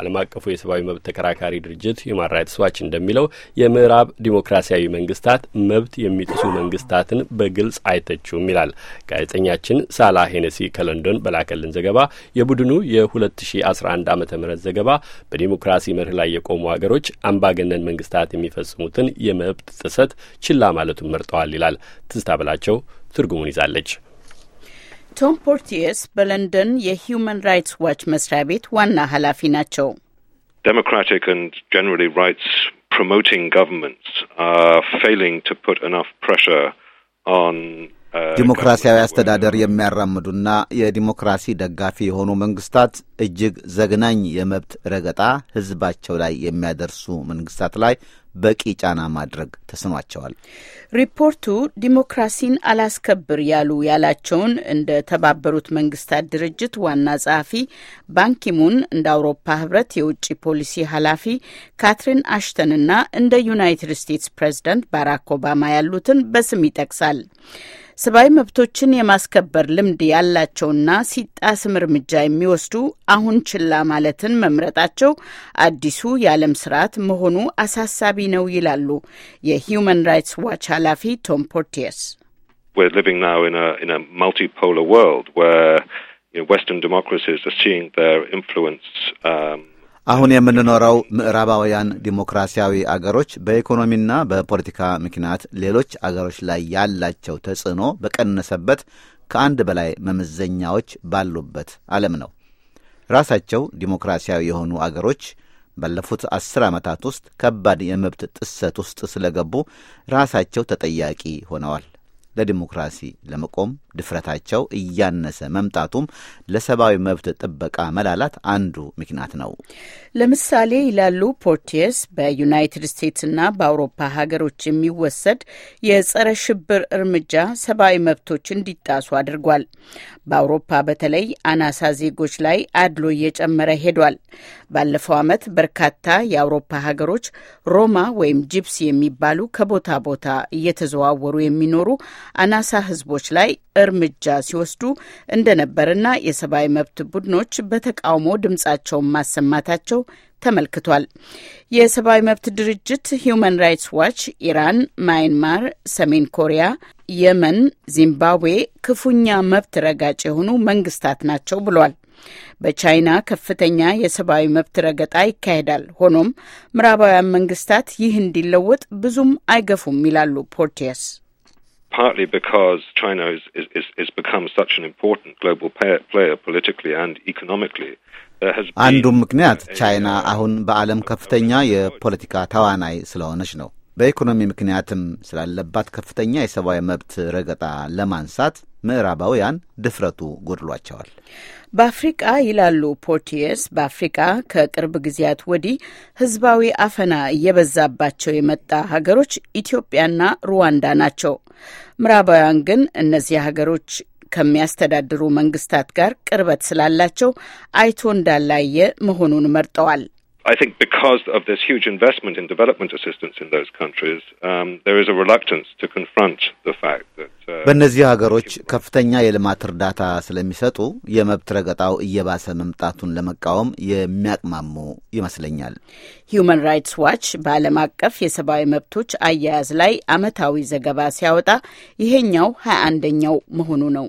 ዓለም አቀፉ የሰብአዊ መብት ተከራካሪ ድርጅት ሁማን ራይትስ ዋች እንደሚለው የምዕራብ ዲሞክራሲያዊ መንግስታት መብት የሚጥሱ መንግስታትን በግልጽ አይተችውም ይላል። ጋዜጠኛችን ሳላ ሄነሲ ከለንዶን በላከልን ዘገባ የቡድኑ የ2011 ዓ ም ዘገባ በዲሞክራሲ መርህ ላይ የቆሙ ሀገሮች አምባገነን መንግስታት የሚፈጽሙትን የመብት ጥሰት ችላ ማለቱን መርጠዋል ይላል። ትዝታ ብላቸው ትርጉሙን ይዛለች። ቶም ፖርቲየስ በለንደን የሂውማን ራይትስ ዋች መስሪያ ቤት ዋና ኃላፊ ናቸው። democratic and generally rights promoting governments are failing to put enough pressure on ዲሞክራሲያዊ አስተዳደር የሚያራምዱና የዲሞክራሲ ደጋፊ የሆኑ መንግስታት እጅግ ዘግናኝ የመብት ረገጣ ህዝባቸው ላይ የሚያደርሱ መንግስታት ላይ በቂ ጫና ማድረግ ተስኗቸዋል። ሪፖርቱ ዲሞክራሲን አላስከብር ያሉ ያላቸውን እንደ ተባበሩት መንግስታት ድርጅት ዋና ጸሐፊ ባንኪሙን እንደ አውሮፓ ህብረት የውጭ ፖሊሲ ኃላፊ ካትሪን አሽተንና እንደ ዩናይትድ ስቴትስ ፕሬዝዳንት ባራክ ኦባማ ያሉትን በስም ይጠቅሳል። ሰብአዊ መብቶችን የማስከበር ልምድ ያላቸውና ሲጣስም እርምጃ የሚወስዱ አሁን ችላ ማለትን መምረጣቸው አዲሱ የዓለም ስርዓት መሆኑ አሳሳቢ ነው ይላሉ የሂዩማን ራይትስ ዋች ኃላፊ ቶም ፖርቲየስ። አሁን የምንኖረው ምዕራባውያን ዲሞክራሲያዊ አገሮች በኢኮኖሚና በፖለቲካ ምክንያት ሌሎች አገሮች ላይ ያላቸው ተጽዕኖ በቀነሰበት ከአንድ በላይ መመዘኛዎች ባሉበት ዓለም ነው። ራሳቸው ዲሞክራሲያዊ የሆኑ አገሮች ባለፉት አስር ዓመታት ውስጥ ከባድ የመብት ጥሰት ውስጥ ስለገቡ ራሳቸው ተጠያቂ ሆነዋል። ለዲሞክራሲ ለመቆም ድፍረታቸው እያነሰ መምጣቱም ለሰብአዊ መብት ጥበቃ መላላት አንዱ ምክንያት ነው። ለምሳሌ ይላሉ ፖርቲየስ፣ በዩናይትድ ስቴትስና በአውሮፓ ሀገሮች የሚወሰድ የጸረ ሽብር እርምጃ ሰብአዊ መብቶች እንዲጣሱ አድርጓል። በአውሮፓ በተለይ አናሳ ዜጎች ላይ አድሎ እየጨመረ ሄዷል። ባለፈው ዓመት በርካታ የአውሮፓ ሀገሮች ሮማ ወይም ጂፕስ የሚባሉ ከቦታ ቦታ እየተዘዋወሩ የሚኖሩ አናሳ ህዝቦች ላይ እርምጃ ሲወስዱ እንደነበርና የሰብአዊ መብት ቡድኖች በተቃውሞ ድምጻቸውን ማሰማታቸው ተመልክቷል። የሰብአዊ መብት ድርጅት ሂዩማን ራይትስ ዋች ኢራን፣ ማይንማር፣ ሰሜን ኮሪያ፣ የመን፣ ዚምባብዌ ክፉኛ መብት ረጋጭ የሆኑ መንግስታት ናቸው ብሏል። በቻይና ከፍተኛ የሰብአዊ መብት ረገጣ ይካሄዳል። ሆኖም ምዕራባውያን መንግስታት ይህ እንዲለወጥ ብዙም አይገፉም ይላሉ ፖርቲየስ። partly because China is, is, is become such an important global player politically and economically. አንዱም ምክንያት ቻይና አሁን በዓለም ከፍተኛ የፖለቲካ ተዋናይ ስለሆነች ነው። በኢኮኖሚ ምክንያትም ስላለባት ከፍተኛ የሰብአዊ መብት ረገጣ ለማንሳት ምዕራባውያን ድፍረቱ ጎድሏቸዋል። በአፍሪቃ ይላሉ ፖርቲየስ፣ በአፍሪቃ ከቅርብ ጊዜያት ወዲህ ህዝባዊ አፈና እየበዛባቸው የመጣ ሀገሮች ኢትዮጵያና ሩዋንዳ ናቸው። ምዕራባውያን ግን እነዚህ ሀገሮች ከሚያስተዳድሩ መንግስታት ጋር ቅርበት ስላላቸው አይቶ እንዳላየ መሆኑን መርጠዋል። I think because of this huge investment in development assistance in those countries, um, there is a reluctance to confront the fact that uh, በእነዚህ ሀገሮች ከፍተኛ የልማት እርዳታ ስለሚሰጡ የመብት ረገጣው እየባሰ መምጣቱን ለመቃወም የሚያቅማሙ ይመስለኛል። ሂዩማን ራይትስ ዋች በዓለም አቀፍ የሰብአዊ መብቶች አያያዝ ላይ አመታዊ ዘገባ ሲያወጣ ይሄኛው ሀያ አንደኛው መሆኑ ነው።